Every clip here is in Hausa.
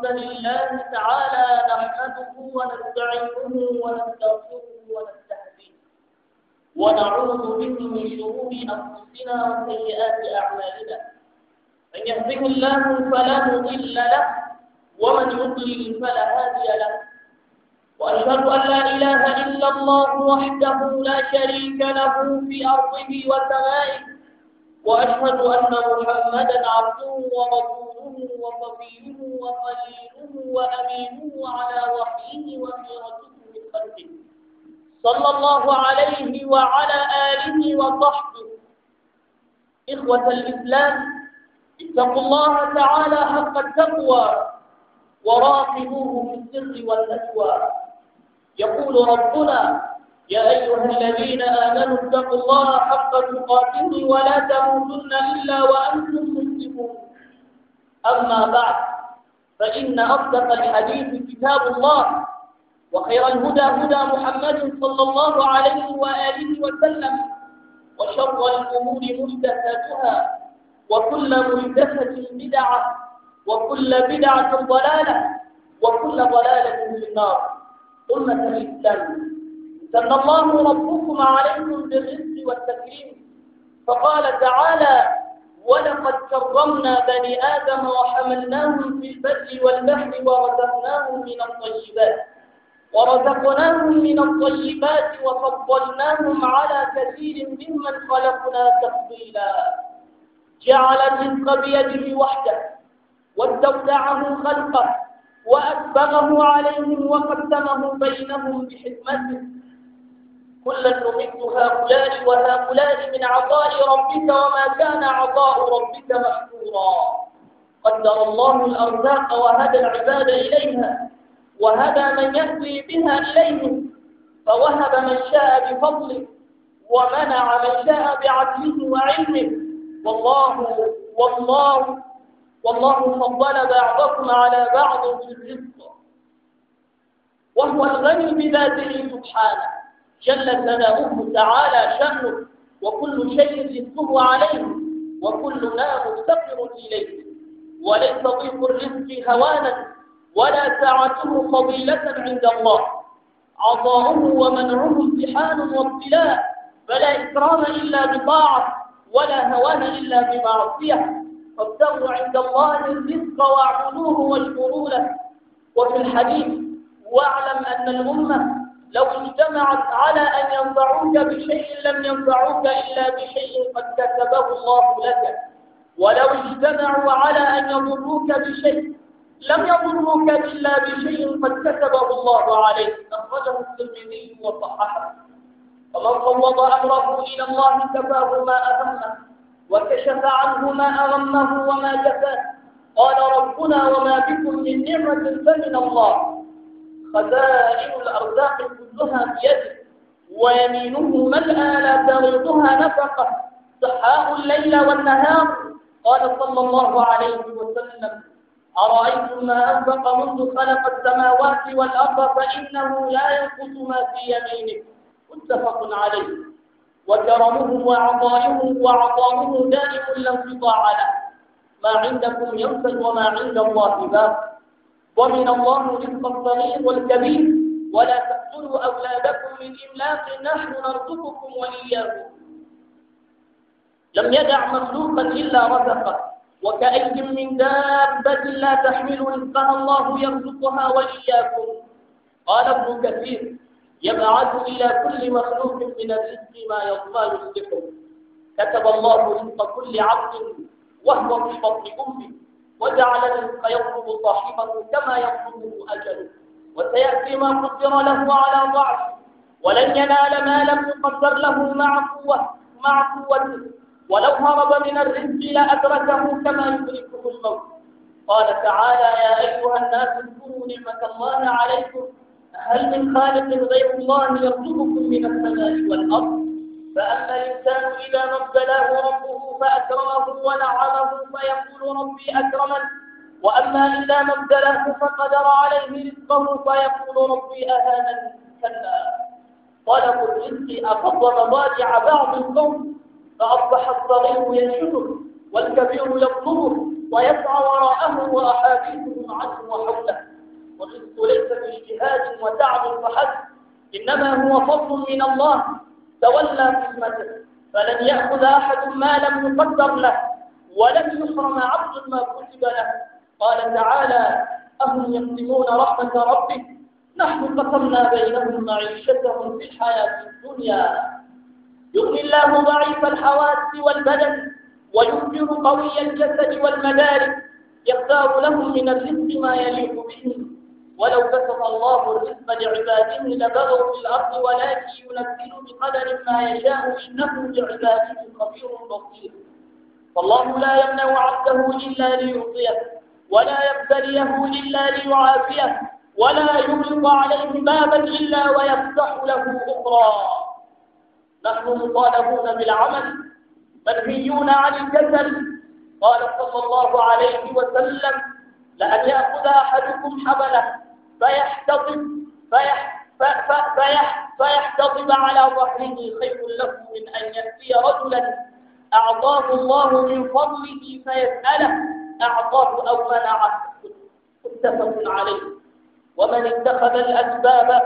الحمد لله تعالى نحمده ونستعينه ونستغفره ونستهديه ونعوذ به من شرور انفسنا وسيئات اعمالنا من يهده الله فلا مضل له ومن يضلل فلا هادي له واشهد ان لا اله الا الله وحده لا شريك له في ارضه وسمائه واشهد ان محمدا عبده ورسوله وصفيه وخليله وأمينه على وحيه وخيرته من خلقه صلى الله عليه وعلى آله وصحبه إخوة الإسلام اتقوا الله تعالى حق التقوى وراقبوه في السر والنجوى يقول ربنا يا أيها الذين آمنوا اتقوا الله حق تقاته ولا تموتن إلا وأنتم مسلمون أما بعد فإن أصدق الحديث كتاب الله وخير الهدى هدى محمد صلى الله عليه وآله وسلم وشر الأمور محدثاتها وكل محدثة بدعة وكل بدعة ضلالة وكل ضلالة في النار قلنا الإسلام سن الله ربكم عليكم بالرزق والتكريم فقال تعالى ولقد كرمنا بني آدم وحملناهم في البر والبحر ورزقناهم من الطيبات ورزقناهم من الطيبات وفضلناهم على كثير ممن خلقنا تفضيلا جعل الرزق بيده وحده واستودعه خلقه وأسبغه عليهم وقدمه بينهم بحكمته كلا نمد هؤلاء وهؤلاء من عطاء ربك وما كان عطاء ربك محظورا قدر الله الأرزاق وهدى العباد إليها وهدى من يهدي بها إليهم فوهب من شاء بفضله ومنع من شاء بعدله وعلمه والله والله والله فضل بعضكم على بعض في الرزق وهو الغني بذاته سبحانه جل ثناؤه تعالى شأنه وكل شيء رزقه عليه وكلنا مفتقر إليه وليس ضيق الرزق هوانا ولا سعته فضيلة عند الله عطاؤه ومنعه امتحان وابتلاء فلا إكرام إلا بطاعة ولا هوان إلا بمعصية فابتغوا عند الله الرزق واعبدوه واشكروا له وفي الحديث واعلم أن الأمة لو اجتمعت على أن ينفعوك بشيء لم ينفعوك إلا بشيء قد كتبه الله لك ولو اجتمعوا على أن يضروك بشيء لم يضروك إلا بشيء قد كتبه الله عليك أخرجه الترمذي وصححه فمن فوض أمره إلى الله كفاه ما أهمه وكشف عنه ما أغمه وما كفاه قال ربنا وما بكم من نعمة فمن الله خزائن الأرزاق كلها بيده ويمينه ملأى لا تغيضها نفقة سحاء الليل والنهار قال صلى الله عليه وسلم أرأيتم ما أنفق منذ خلق السماوات والأرض فإنه لا ينقص ما في يمينه متفق عليه وكرمه وعطائه وعطائه دائم لا انقطاع له ما عندكم ينفد وما عند الله باق ومن الله رزق الصغير والكبير ولا تقتلوا أولادكم من إملاق نحن نرزقكم وإياكم لم يدع مخلوقا إلا رزقه وكأي من دابة لا تحمل رزقها الله يرزقها وإياكم قال ابن كثير يبعث إلى كل مخلوق من الرزق ما يرضى السحر كتب الله رزق كل عبد وهو في بطن أمه وجعل الرزق يطلب صاحبه كما يطلبه أجله وسيأتي ما قدر له على ضعفه ولن ينال ما لم يقدر له مع قوة مع قوته ولو هرب من الرزق لأدركه كما يدركه الموت قال تعالى يا أيها الناس اذكروا نعمة الله عليكم هل من خالق غير الله يرزقكم من السماء والأرض فأما الإنسان إذا ما ابتلاه ربه فأكرمه ونعمه فيقول ربي أكرمن وأما إذا ما ابتلاه فقدر عليه رزقه فيقول ربي أهانن كلا طلب الرزق أفضل مضاجع بعض القوم فأصبح الصغير ينشده والكبير يطلبه ويسعى وراءه وأحاديثه عنه وحوله والرزق ليس باجتهاد وتعب فحسب إنما هو فضل من الله تولى خدمته فلن يأخذ أحد ما لم يقدر له ولن يحرم عبد ما كتب له قال تعالى أهم يقسمون رحمة ربك نحن قسمنا بينهم معيشتهم في الحياة الدنيا يغني الله ضعيف الحواس والبدن ويؤثر قوي الجسد والمدارك يختار لهم من الرزق ما يليق بهم ولو بسط الله الرزق لعباده لبغوا في الأرض ولكن ينزل بقدر ما يشاء إنه لعباده خبير بصير فالله لا يمنع عبده إلا ليعطيه ولا يبتليه إلا ليعافيه ولا يغلق عليه بابا إلا ويفتح له أخرى نحن مطالبون بالعمل منهيون عن الكسل قال صلى الله عليه وسلم لأن يأخذ أحدكم حبله فيحتضب فيح فيح فيحتضب على ظهره خير له من أن يأتي رجلا أعطاه الله من فضله فيسأله أعطاه أو منعه متفق عليه ومن اتخذ الأسباب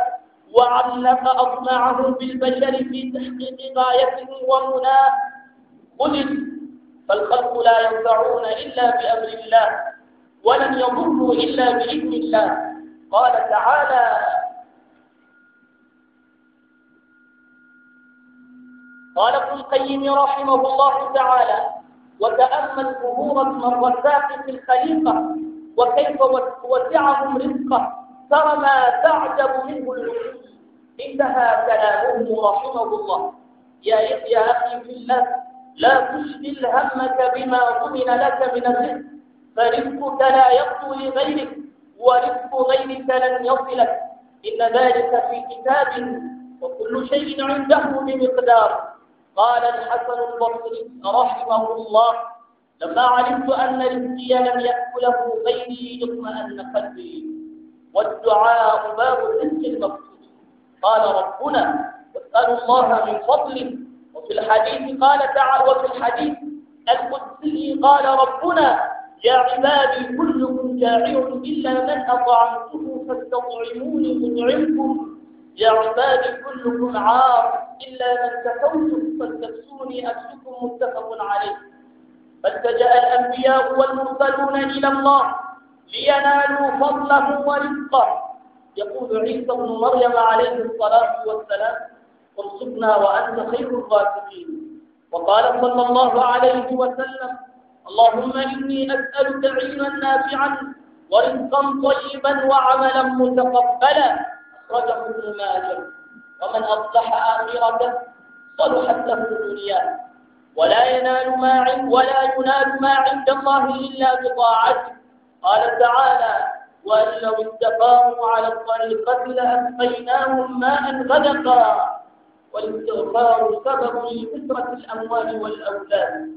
وعلق أطماعه بالبشر في تحقيق غايته ومناه خذل فالخلق لا ينفعون إلا بأمر الله ولن يضروا إلا بإذن الله قال تعالى قال ابن القيم رحمه الله تعالى وتأمل ظهور الرزاق في الخليقة وكيف وسعهم رزقه ترى ما تعجب منه العلوم انتهى كلامه رحمه الله يا يا أخي في الله لا تشغل همك بما ضمن لك من الرزق فرزقك لا يبدو لغيرك ورزق غيرك لن يصلك إن ذلك في كتاب وكل شيء عنده بمقدار قال الحسن البصري رحمه الله لما علمت أن رزقي لم يأكله غيري اطمأن قلبي والدعاء باب الرزق المقصود قال ربنا واسأل الله من فضله وفي الحديث قال تعالى وفي الحديث القدسي قال ربنا يا عبادي كلكم جائع إلا من أطعمته فاستطعموني أطعمكم يا عبادي كلكم عار إلا من كفوتم فاستكسوني أكسكم متفق عليه فالتجأ الأنبياء والمرسلون إلى الله لينالوا فضله ورزقه يقول عيسى بن مريم عليه الصلاة والسلام ارزقنا وأنت خير الرازقين وقال صلى الله عليه وسلم اللهم إني أسألك علما نافعا ورزقا طيبا وعملا متقبلا أخرجه ابن ماجه ومن أصلح آخرته صلحت له دنياه ولا ينال ما عند ولا ينال ما عند الله إلا بطاعته قال تعالى وأن لو استقاموا على الطريقة لأسقيناهم ماء غدقا والاستغفار سبب لكثرة الأموال والأولاد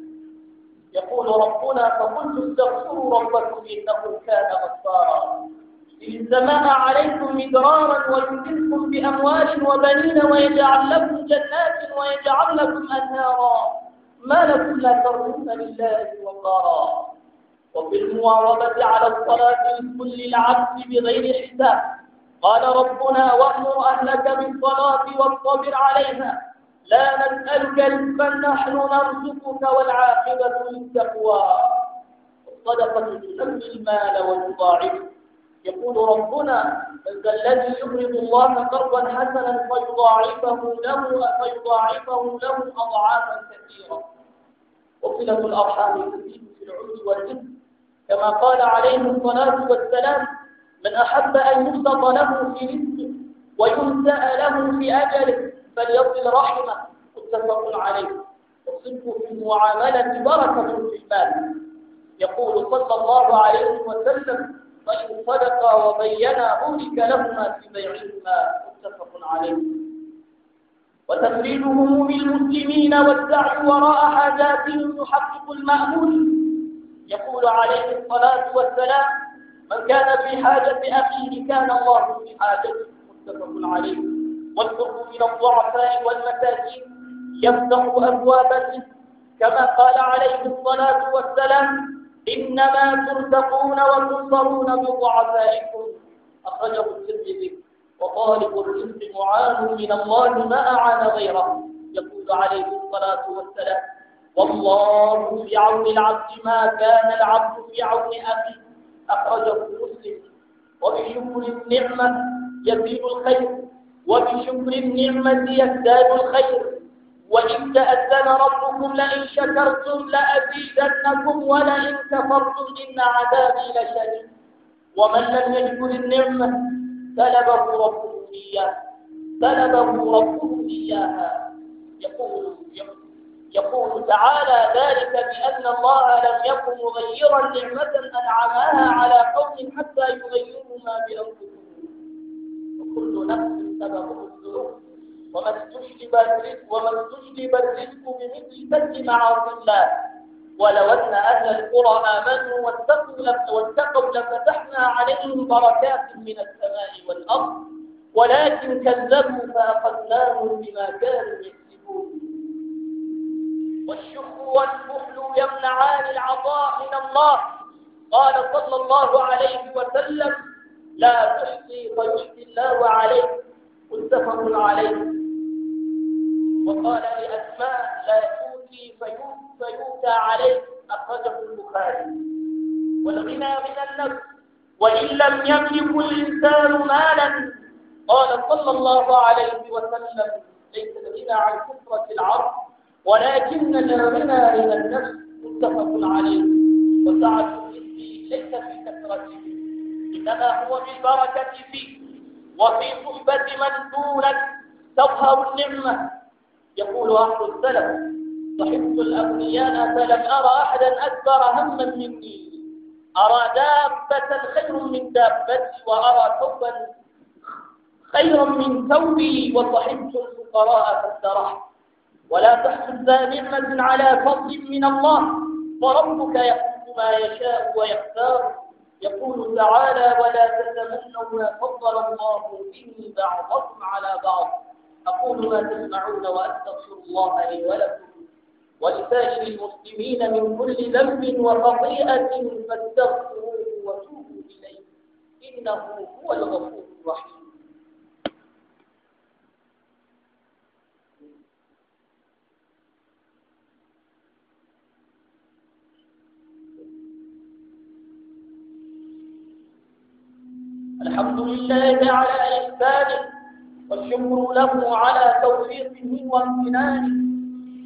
يقول ربنا فقلت استغفروا ربكم إنه كان غفارا للسماء عليكم مدرارا ويمدكم بأموال وبنين ويجعل لكم جنات ويجعل لكم أنهارا ما لكم لا ترجون لله وقارا وفي المواظبة على الصلاة من كل العبد بغير حساب قال ربنا وأمر أهلك بالصلاة واصطبر عليها لا نسألك رزقا نحن نرزقك والعاقبة للتقوى صدقة تنمي المال وتضاعفه يقول ربنا من ذا الذي يقرض الله قرضا حسنا فيضاعفه له فيضاعفه له أضعافا كثيرة وصلة الأرحام تزيد في العز والإثم كما قال عليه الصلاة والسلام من أحب أن يبسط له في رزقه وينسأ له في أجله فليصل رحمه متفق عليه والصدق في المعامله بركه في المال يقول صلى الله عليه وسلم من صدق وبينا بورك لهما في بيعهما متفق عليه وتفريدهم هموم المسلمين والسعي وراء حاجاتهم يحقق المامول يقول عليه الصلاه والسلام من كان في حاجه اخيه كان الله في حاجته متفق عليه والحر من الضعفاء والمساكين يفتح الرزق كما قال عليه الصلاة والسلام إنما ترزقون وتنصرون بضعفائكم أخرجه الترمذي وطالب الرزق معان من الله ما أعان غيره يقول عليه الصلاة والسلام والله في عون العبد ما كان العبد في عون أخيه أخرجه مسلم وبشكر النعمة يزيد الخير ومن شكر النعمة يزداد الخير وإن تأذن ربكم لئن شكرتم لأزيدنكم ولئن كفرتم إن عذابي لشديد ومن لم يشكر النعمة سلبه ربه إياها سلبه ربه إياها يقول يقول تعالى ذلك بأن الله لم يكن مغيرا نعمة أنعمها على قوم حتى يغيروا ما بأنفسهم وكل نفس ومن تجلب الرزق ومن الرزق بمثل سد معاصي الله ولو ان اهل القرى امنوا واتقوا لم واتقوا لفتحنا عليهم بركات من السماء والارض ولكن كذبوا فاخذناهم بما كانوا يكسبون والشح والبخل يمنعان العطاء من الله قال صلى الله عليه وسلم لا تحصي فيحصي الله عليك متفق عليه وقال لأسماء لا يؤتي فيؤتى عليه أخرجه البخاري والغنى من النفس وإن لم يملك الإنسان مالا قال صلى الله عليه وسلم ليس الغنى عن كثرة العرض ولكن الغنى من النفس متفق عليه وسعة الرزق ليس في كثرته إنما هو بالبركة فيه وفي صحبة من دونك تظهر النعمة يقول أهل السلف صحبت الأغنياء فلم أرى أحدا أكبر هما مني أرى دابة خير من دابتي وأرى ثوبا خيرا من ثوبي وصحبت الفقراء فاسترحت ولا تحصل ذا نعمة على فضل من الله فربك يحب ما يشاء ويختار يقول تعالى ولا تتمنوا ما فضل الله به بعضكم على بعض أقول ما تسمعون وأستغفر الله لي ولكم ولسائر المسلمين من كل ذنب وخطيئة فاستغفروه وتوبوا إليه إنه هو الغفور الرحيم الحمد لله على إحسانه والشكر له على توفيقه وامتنانه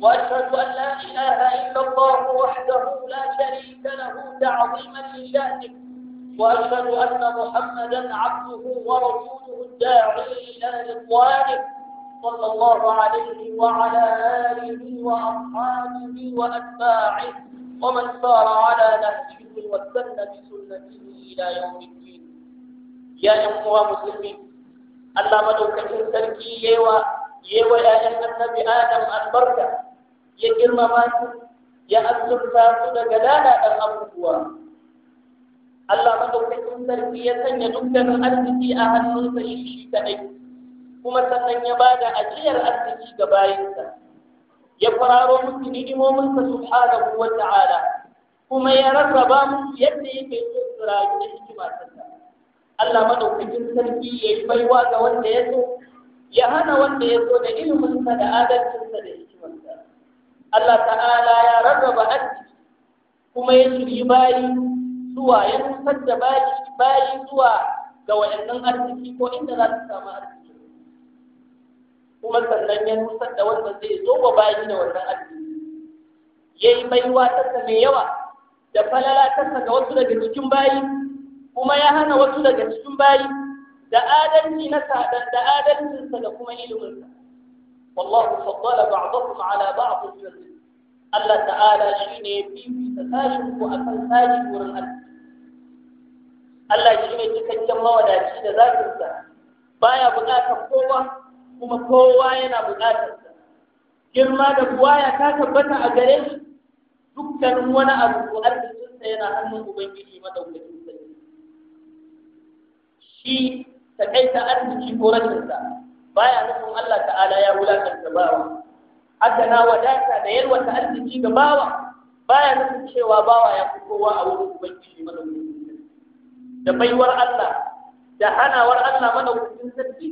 وأشهد أن لا إله إلا الله وحده لا شريك له تعظيما لشأنه وأشهد أن محمدا عبده ورسوله الداعي إلى رضوانه صلى الله عليه وعلى آله وأصحابه وأتباعه ومن سار على نهجه واستنى بسنته إلى يوم الدين ya yan uwa musulmi Allah madaukakin sarki yewa yewa yayan annabi Adam albarka ya girmama su ya azurta su daga lalatar abubuwa Allah madaukakin sarki ya sanya dukkanin arziki a hannunsa shi shi kadai kuma sannan ya bada ajiyar arziki ga bayinsa ya fararo musu ni'imominsa subhanahu wa ta'ala kuma ya rarraba musu yadda yake so su rayu da hikima sallah Allah maɗaukakin sarki ya yi baiwa ga wanda ya so ya hana wanda ya so da iliminsa da adalcinsa da hikimarsa Allah ta'ala ya rarraba arziki kuma ya shiryi bayi zuwa ya nusar da bayi zuwa ga waɗannan arziki ko inda za su samu arziki kuma sannan ya nusar da wanda zai zo ba bayi da wannan arziki ya yi baiwa tasa mai yawa da falala tasa ga wasu daga cikin bayi kuma ya hana wasu daga cikin bayi da adalci na da adalcinsa da kuma iliminsa wallahu faddala ba'dakum ala ba'd fi rizq Allah ta'ala shine ta tashin ku akan sashi wurin arziki Allah shi ne cikakken mawadaci da zakinsa baya buƙatar kowa kuma kowa yana sa girma da buwaya ta tabbata a gare shi dukkanin wani abu ko sa yana hannun ubangiji madaukakin shi ta kai ta arziki ko rashinsa baya nufin Allah ta'ala ya wulakanta bawa haka na wadata da yalwata arziki ga bawa baya nufin cewa bawa ya fi kowa a wurin ubangiji madaukakin da baiwar Allah da hanawar Allah mana madaukakin sarki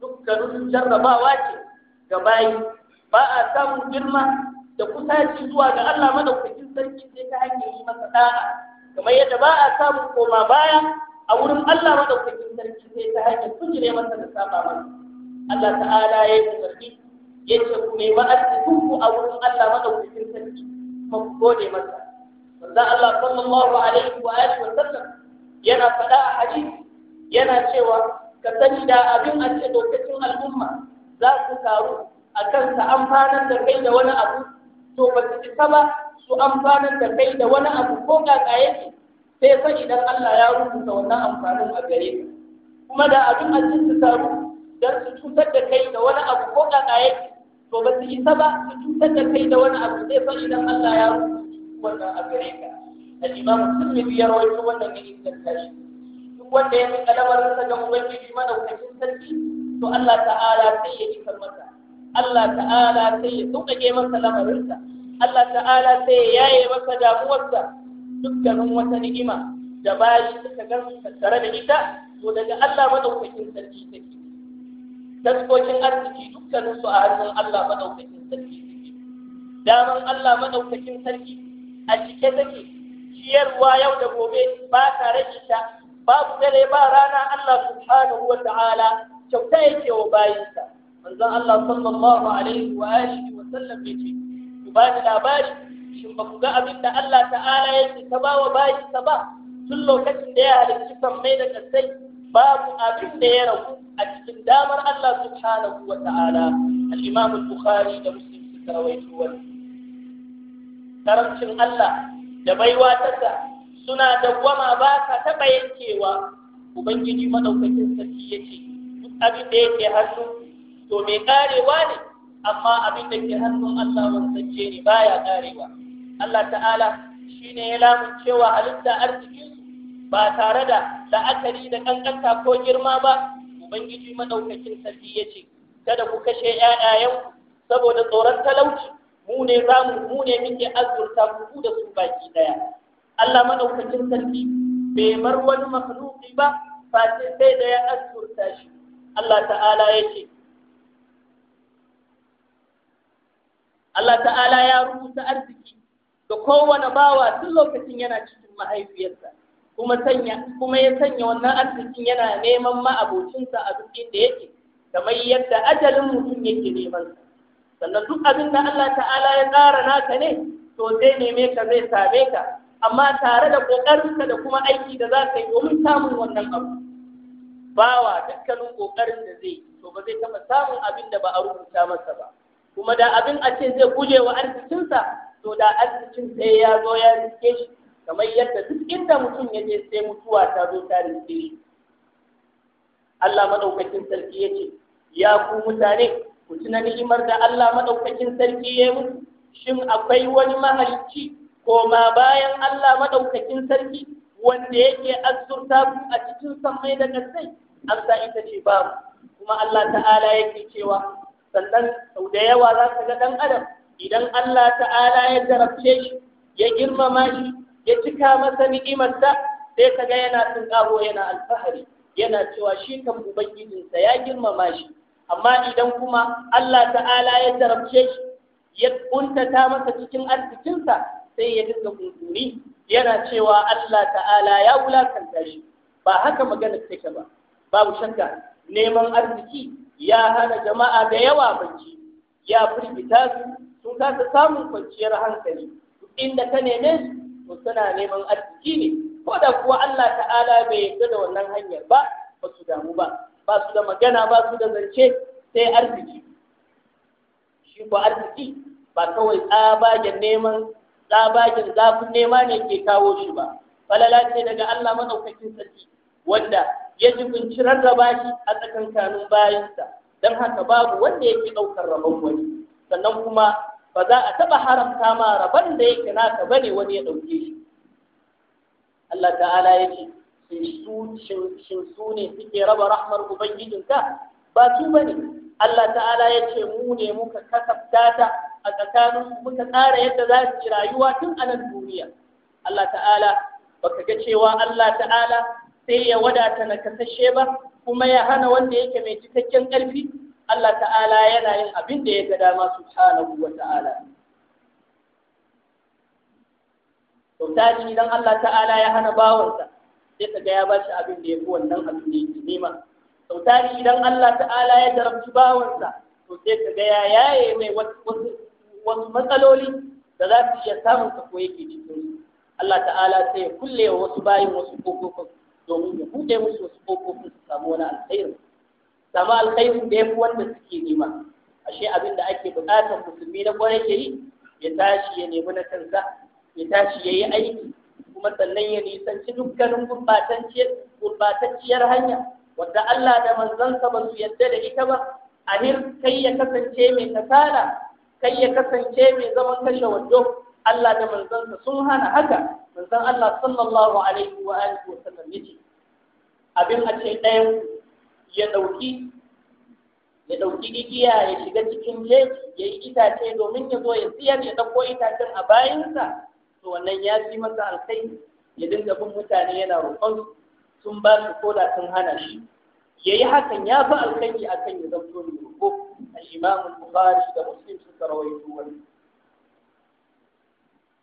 dukkanin jarrabawa ce ga bayi ba a samun girma da kusaci zuwa ga Allah mana madaukakin sarki sai ta hanyar yi masa da'a kamar yadda ba a samun koma baya a wurin Allah madaukakin sarki sai ta hanyar kujire masa da saba masa Allah ta'ala ya yi sarki ya ce ku nemi arzikinku a wurin Allah madaukakin sarki kuma ku gode masa wanda Allah sallallahu alaihi wa alihi wa sallam yana faɗa a hadisi yana cewa ka sani da abin a ce lokacin al'umma za su taru a kansa amfanar da kai da wani abu to ba su isa ba su amfanar da kai da wani abu ko ƙaƙaye? yake sai san idan Allah ya rubuta wannan amfanin a gare ka kuma da abin ajin su taru dan su cutar da kai da wani abu ko kaka yake to ba su isa ba su cutar da kai da wani abu sai san idan Allah ya rubuta wannan a gare ka al-imam Tirmidhi ya rawaito wannan ne idan tashi duk wanda ya miƙa lamarin sa ga ubangiji madaukakin sarki to Allah ta'ala sai ya isa masa Allah ta'ala sai ya sauƙaƙe masa lamarinsa Allah ta'ala sai ya yaye masa damuwarsa dukkanin wata ni'ima da bayi suka gansu tattare da ita to daga Allah madaukakin sarki take taskokin arziki dukkanin su a hannun Allah madaukakin sarki take daman Allah madaukakin sarki a cike take ciyarwa yau da gobe ba tare da ita babu dare ba rana Allah subhanahu wata'ala kyauta yake wa bayinsa manzon Allah sallallahu alaihi wa alihi wa sallam yake ku ba labari ba ku ga abin da Allah ta'ala yake ta ba wa bayinsa ba tun lokacin da ya halicci sammai da kasai babu abin da ya rabu a cikin damar Allah subhanahu wa ta'ala al-Imam al-Bukhari da Muslim karamcin Allah da baiwa ta suna dawwama ba ka taɓa yankewa ubangiji madaukakin sarki ya ce duk abin da yake hannu to mai karewa ne amma abin da ke hannun Allah wanzance ne baya karewa Allah ta'ala shi ne ya lamun cewa halitta arzikinsu ba tare da la'akari da ƙanƙanta ko girma ba ubangiji maɗaukakin sarki ya ce kada ku kashe ‘ya'yayenku saboda tsoron talauci mu ne ramu mu ne muke azurta ku da su baki ɗaya Allah Maɗaukakin sarki bai bar wani makhluki ba face sai da ya azurta shi Allah ta'ala ya ce Allah ta'ala ya rubuta arziki Da kowane bawa tun lokacin yana cikin mahaifiyarsa kuma ya sanya wannan arzikin yana neman ma'abocinsa a duk inda yake kamar yadda ajalin mutum yake neman sannan duk abin da Allah ta'ala ya tsara naka ne to zai neme ka zai same ka amma tare da kokarinka da kuma aiki da za ka yi domin samun wannan abu bawa dukkanin kokarin da zai to ba zai taɓa samun abin da ba a rubuta masa ba kuma da abin a ce zai guje wa arzikinsa to da arzikin sai ya zo ya riske shi kamar yadda duk inda mutum ya je sai mutuwa ta zo ta riske shi Allah madaukakin sarki ya ce ya ku mutane ku tuna ni'imar da Allah madaukakin sarki ya yi shin akwai wani mahalicci ko ma bayan Allah madaukakin sarki wanda yake azurta ku a cikin sammai da kasai amsa ita ce babu kuma Allah ta'ala yake cewa sannan sau da yawa za ka ga dan adam idan Allah ta'ala ya jarabce shi ya girmama shi ya cika masa ni'imarsa sai ka ga yana tunƙaho yana alfahari yana cewa shi kan ubangijinsa ya girmama shi amma idan kuma Allah ta'ala ya jarabce shi ya kuntata masa cikin arzikinsa sai ya dinga kunkuri yana cewa Allah ta'ala ya wulakanta shi ba haka magana take ba babu shakka neman arziki ya hana jama'a da yawa bacci ya firgita su sun kasa samun kwanciyar hankali duk inda ka neme su suna neman arziki ne ko da kuwa Allah ta'ala bai yarda da wannan hanyar ba ba su damu ba ba su da magana ba su da zance sai arziki shi ko arziki ba kawai tsabagen neman tsabagen zafin nema ne ke kawo shi ba falala ce daga Allah madaukakin sarki wanda ya jibinci rarraba shi a tsakankanin bayansa don haka babu wanda yake ɗaukar rabon wani sannan kuma ba za a taɓa haramta ma rabon da yake naka bane wani ya ɗauke shi Allah ta'ala ya ce shin su ne suke raba rahmar ubangijinka ba su ne. Allah ta'ala ya ce mu ne muka kasafta ta a tsakanin muka tsara yadda za su yi rayuwa tun a nan duniya Allah ta'ala baka ga cewa Allah ta'ala sai ya wadata na kasashe ba kuma ya hana wanda yake mai cikakken ƙarfi Allah ta'ala yana yin abin da ya ga dama subhanahu wa ta'ala kyauta ce idan Allah ta'ala ya hana bawansa sai ka ga ya bashi abin da ya fi wannan abin da yake nema kyauta ne idan Allah ta'ala ya jarabci bawansa to sai ka ga ya yaye mai wasu matsaloli da za su iya samun ka ko yake cikin Allah ta'ala sai ya kulle wa wasu bayin wasu kofofin domin ya buɗe musu wasu kofofin su samu wani alkhairi samu alkhairin da ya fi wanda suke nema ashe abin da ake buƙatar musulmi na kwarai ke yi ya tashi ya nemi na kansa ya tashi ya yi aiki kuma sannan ya nisanci dukkanin gurbatacciyar hanya wadda Allah da manzansa ba su yadda da ita ba a kai ya kasance mai kasala kai ya kasance mai zaman kashe wando Allah da manzansa sun hana haka Manzan Allah sallallahu alaihi wa alihi wa sallam yace abin a ce ɗayan ya ɗauki ya ɗauki igiya ya shiga cikin jeji ya yi itace domin ya zo ya siyar ya ɗauko itacen a bayansa to wannan ya fi masa alkai ya dinga bin mutane yana roƙon sun ba su koda sun hana shi ya yi hakan ya fi alkai a kan ya zamto mai roƙo al'imamun bukhari da muslim suka rawaito duwani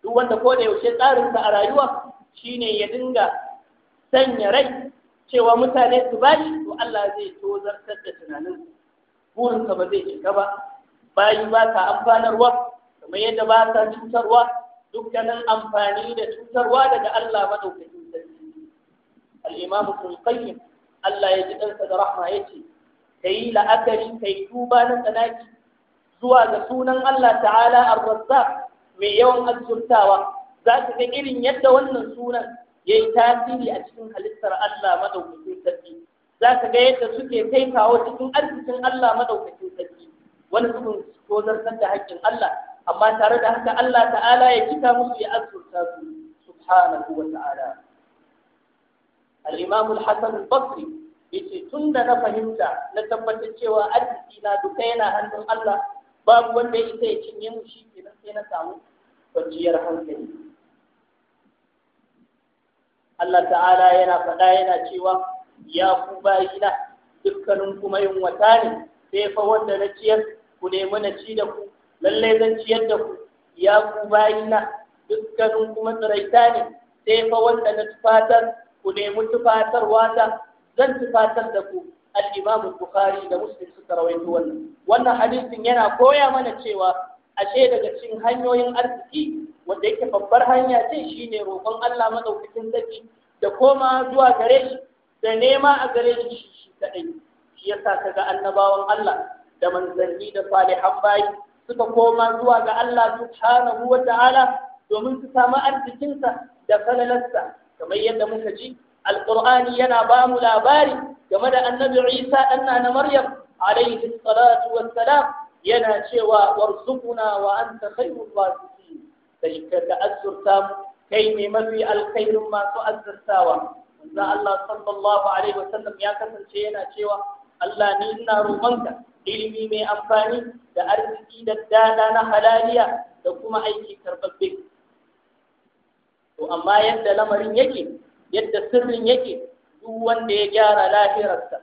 duk wanda ko da yaushe tsarinsa a rayuwa shine ya dinga sanya rai cewa mutane su bashi to Allah zai tozartar da tunanin burinka ba zai shiga ba bayi ba ta amfanarwa kamar yadda ba ta cutarwa dukkanin amfani da cutarwa daga Allah madaukakin sarki al sun qayyim Allah ya ji ɗansa da rahma ya ce ka yi la'akari ka yi tuba na tsanaki zuwa ga sunan Allah ta'ala ar-razzaq mai yawan azurtawa za ka ga irin yadda wannan sunan ya yi tasiri a cikin halittar Allah madaukakin sarki za ka ga yadda suke kai kawo cikin arzikin Allah maɗaukacin sarki wani sun ko zartar da haƙƙin Allah amma tare da haka Allah ta'ala ya cika musu ya azurta su subhanahu wa ta'ala al-imam al-hasan al-basri yace tunda na fahimta na tabbatar cewa arziki na duka yana hannun Allah babu wanda ya isa ya cinye mu shi kenan sai na samu kwanciyar hankali Allah ta'ala yana faɗa yana cewa ya ku bayina dukkanin kuma yin wata ne sai fa wanda na ciyar ku nemi na ci da ku lalle zan ciyar da ku ya ku bayina dukkanin kuma tsiraita ne sai fa wanda na tufatar ku nemi tufatar wata. zan tufatar da ku al-Imam Bukhari da Muslim suka rawaito wannan wannan hadisin yana koya mana cewa ashe daga cikin hanyoyin arziki wanda yake babbar hanya ce shine roƙon Allah madaukakin sarki da koma zuwa gare shi da nema a gare shi shi kadai shi yasa ga annabawan Allah da manzanni da salihan bayi suka koma zuwa ga Allah subhanahu wa ta'ala domin su samu arzikinsa da falalarsa kamar yadda muka ji alqur'ani yana ba mu labari game da annabi Isa ɗanna na Maryam alaihi salatu wassalam yana cewa warzuquna wa anta khayrul rasikin sai ka azurta kai ne mafi alkhairin masu azurtawa da Allah sallallahu alaihi wasallam ya kasance yana cewa Allah ni ina roƙonka ilimi mai amfani da arziki da dada na halaliya da kuma aiki karɓaɓɓe to amma yadda lamarin yake yadda sirrin yake duk wanda ya gyara lahirarsa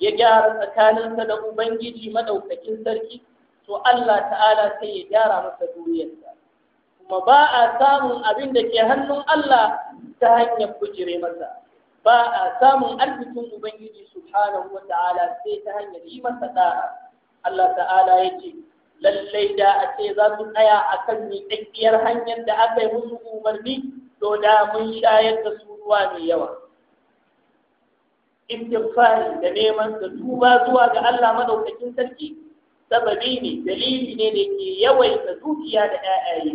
ya gyara tsakaninsa da ubangiji madaukakin sarki to Allah ta'ala sai ya gyara masa duniyarsa kuma ba a samun abin da ke hannun Allah ta hanyar bujire masa ba a samun arzikin ubangiji subhanahu wa ta'ala sai ta hanyar yi masa da'a Allah ta'ala ya ce lallai da a ce za su tsaya a kan miƙaƙƙiyar hanyar da aka yi musu umarni to da mun shayar da su ruwa mai yawa istighfari da neman da tuba zuwa ga Allah madaukakin sarki sababi ne dalili ne da ke yawaita zuciya da yayaye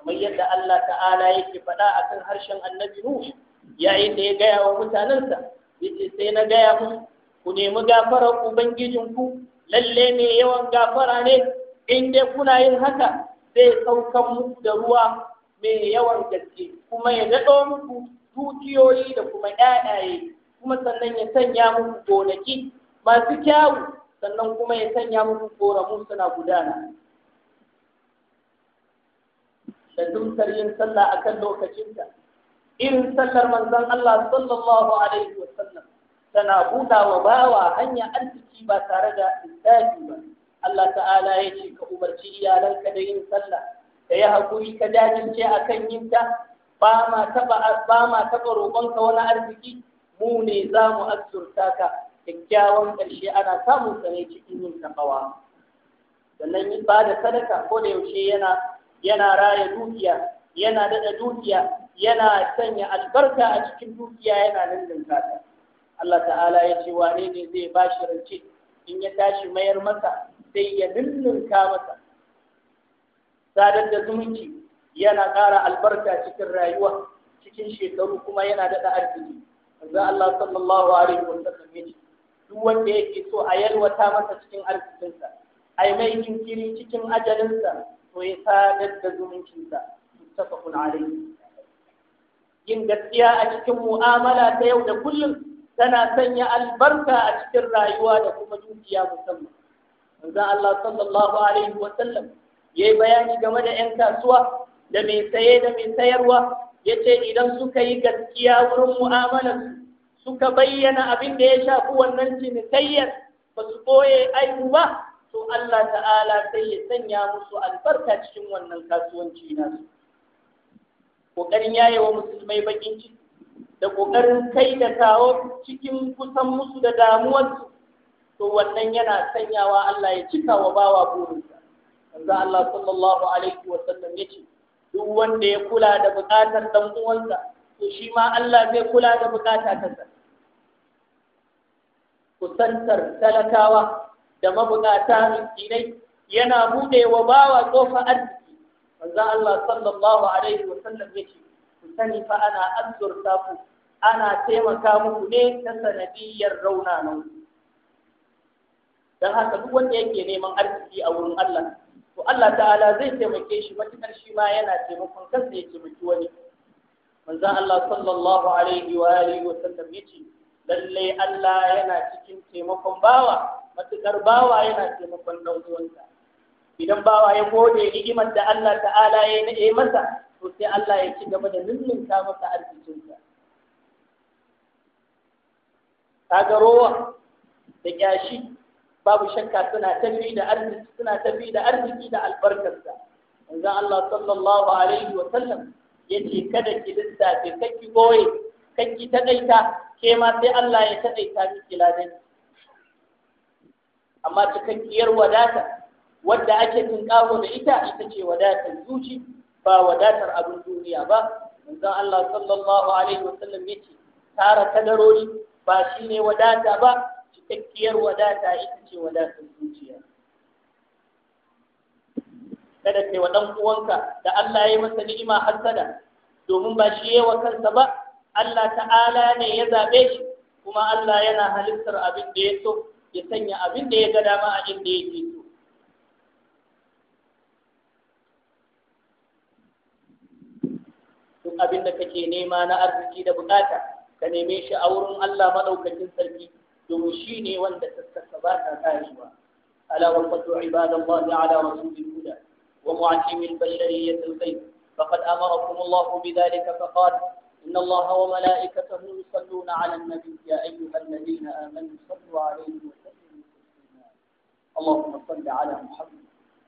kamar yadda Allah ta'ala yake faɗa akan harshen annabi Nuhu yayin da ya gaya wa mutanensa ce sai na gaya mu ku nemi gafarar ubangijinku lalle ne yawan gafara ne in dai kuna yin haka zai saukan muku da ruwa mai yawan gaske kuma ya daɗo muku dukiyoyi da kuma ƴaƴaye kuma sannan ya sanya muku gonaki masu kyawu sannan kuma ya sanya muku koramu suna gudana da dumsar yin sallah kan lokacinta irin sallar manzon Allah sallallahu alaihi wasallam tana buɗa wa bawa hanya arziki ba tare da lissafi ba Allah ta'ala ya ce ka umarci iyalanka da yin sallah da ya haƙuri ka a akan yin ta ba ma taɓa ba ma taɓa roƙonka wani arziki mu ne za mu azurta ka kyakkyawan ƙarshe ana samun tsare cikin yin takawa sannan yin ba da sadaka ko da yaushe yana yana raya dukiya yana daɗa dukiya yana sanya albarka a cikin dukiya yana nan ta Allah ta'ala ya ce wane ne zai ba shi rance in ya tashi mayar masa sai ya ninninka masa sadar da zumunci yana ƙara albarka cikin rayuwa cikin shekaru kuma yana daɗa arziki manzo Allah sallallahu alaihi wa sallam ce duk wanda yake so a yalwata masa cikin arzikinsa ai mai jinkiri cikin ajalinsa to ya sadar da zumuncinsa muttafaqun alaihi yin gaskiya a cikin mu'amala ta yau da kullum tana sanya albarka a cikin rayuwa da kuma dukiya musamman manzon Allah sallallahu alaihi wa bayani game da 'yan kasuwa da mai saye da mai sayarwa ce idan suka yi gaskiya wurin mu'amalarsu suka bayyana abin da ya shafi wannan cinikayyar ba su ɓoye aihu ba to Allah ta'ala sai ya sanya musu albarka cikin wannan kasuwanci nasu ƙoƙarin wa musulmai bakin ciki da ƙoƙarin kai da kawo cikin kusan musu da damuwarsu to wannan yana sanyawa Allah ya cika wa bawa burinsa manzo Allah sallallahu alaihi wa sallam ya ce, duk wanda ya kula da buƙatar dan uwansa to shi ma Allah zai kula da buƙata ta kusantar talakawa da mabukata mutane yana buɗe wa bawa tsofa arziki manzo Allah sallallahu alaihi wa sallam yake ku sani fa ana azurta ku ana taimaka muku ne ta sanadiyar rauna nan dan haka duk wanda yake neman arziki a wurin Allah to Allah ta'ala zai taimake shi matukar shi ma yana taimakon kansa ya taimaki wani manzo Allah sallallahu alaihi wa alihi wa sallam yake lalle Allah yana cikin taimakon bawa matukar bawa yana taimakon dan uwansa idan bawa ya gode ni'imar da Allah ta'ala ya yi masa to sai Allah ya ci gaba da lullunta masa arzikinsa kaga rowa da kyashi babu shakka suna tafi da arziki suna da arziki da albarkarsa manzon Allah sallallahu alaihi wa sallam yace kada ki lissafe kake goye ta daita ke ma sai Allah ya daita miki ladan amma cikakkiyar wadata wadda ake tunƙaho da ita ita ce wadatar zuci ba wadatar abin duniya ba manzon Allah sallallahu alaihi wasallam yace tara kadarori ba shine wadata ba cikakkiyar wadata ita ce wadatar zuciya kada kai wa uwanka da Allah ya yi masa ni'ima hasada domin ba shi yayi wa kansa ba Allah ta'ala ne ya zabe shi kuma Allah yana halittar abin da ya so ya sanya abin da ya ga dama a inda yake so abin da kake nema na arziki da bukata ka neme shi a wurin Allah madaukakin sarki domin shi ne wanda tattaka ba ta karewa ala wa fadu ibadallahi ala rasulil huda wa mu'atimil bashariyatil khayr faqad amarakum Allah bidhalika faqad إن الله وملائكته يصلون على النبي يا أيها الذين آمنوا صلوا عليه وسلموا تسليما اللهم صل على محمد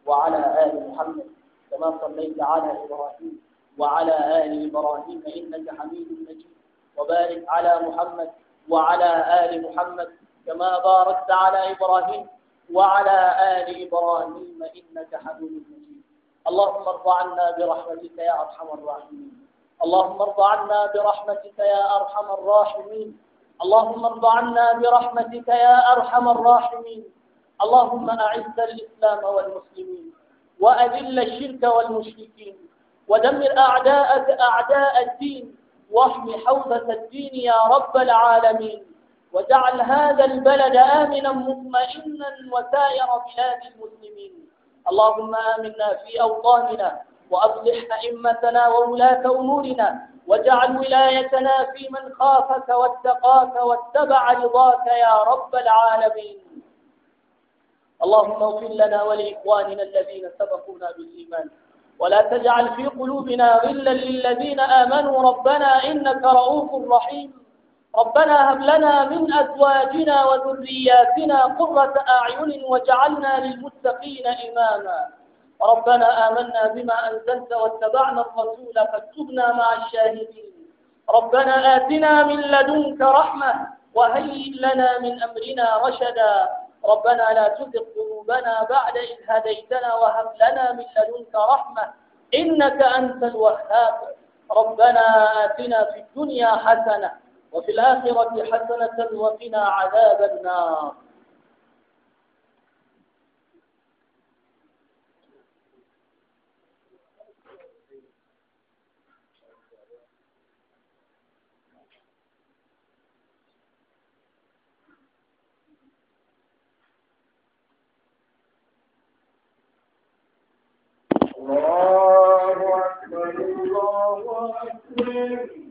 وعلى آل محمد كما صليت على إبراهيم وعلى آل إبراهيم إنك حميد مجيد وبارك على محمد وعلى آل محمد كما باركت على إبراهيم وعلى آل إبراهيم إنك حميد مجيد اللهم ارض عنا برحمتك يا أرحم الراحمين اللهم ارض عنا برحمتك يا أرحم الراحمين اللهم ارض عنا برحمتك يا أرحم الراحمين اللهم أعز الإسلام والمسلمين وأذل الشرك والمشركين ودمر أعداءك أعداء الدين واحم حوزة الدين يا رب العالمين وجعل هذا البلد آمنا مطمئنا وسائر بلاد المسلمين اللهم آمنا في أوطاننا وأصلح أئمتنا وولاة أمورنا واجعل ولايتنا في من خافك واتقاك واتبع رضاك يا رب العالمين اللهم اغفر لنا ولإخواننا الذين سبقونا بالإيمان ولا تجعل في قلوبنا غلا للذين آمنوا ربنا إنك رؤوف رحيم ربنا هب لنا من أزواجنا وذرياتنا قرة أعين واجعلنا للمتقين إماما ربنا آمنا بما أنزلت واتبعنا الرسول فاكتبنا مع الشاهدين ربنا آتنا من لدنك رحمة وهيئ لنا من أمرنا رشدا ربنا لا تزغ قلوبنا بعد إذ هديتنا وهب لنا من لدنك رحمة إنك أنت الوهاب ربنا آتنا في الدنيا حسنة وفي الآخرة حسنة وقنا عذاب النار الله أكبر الله أكبر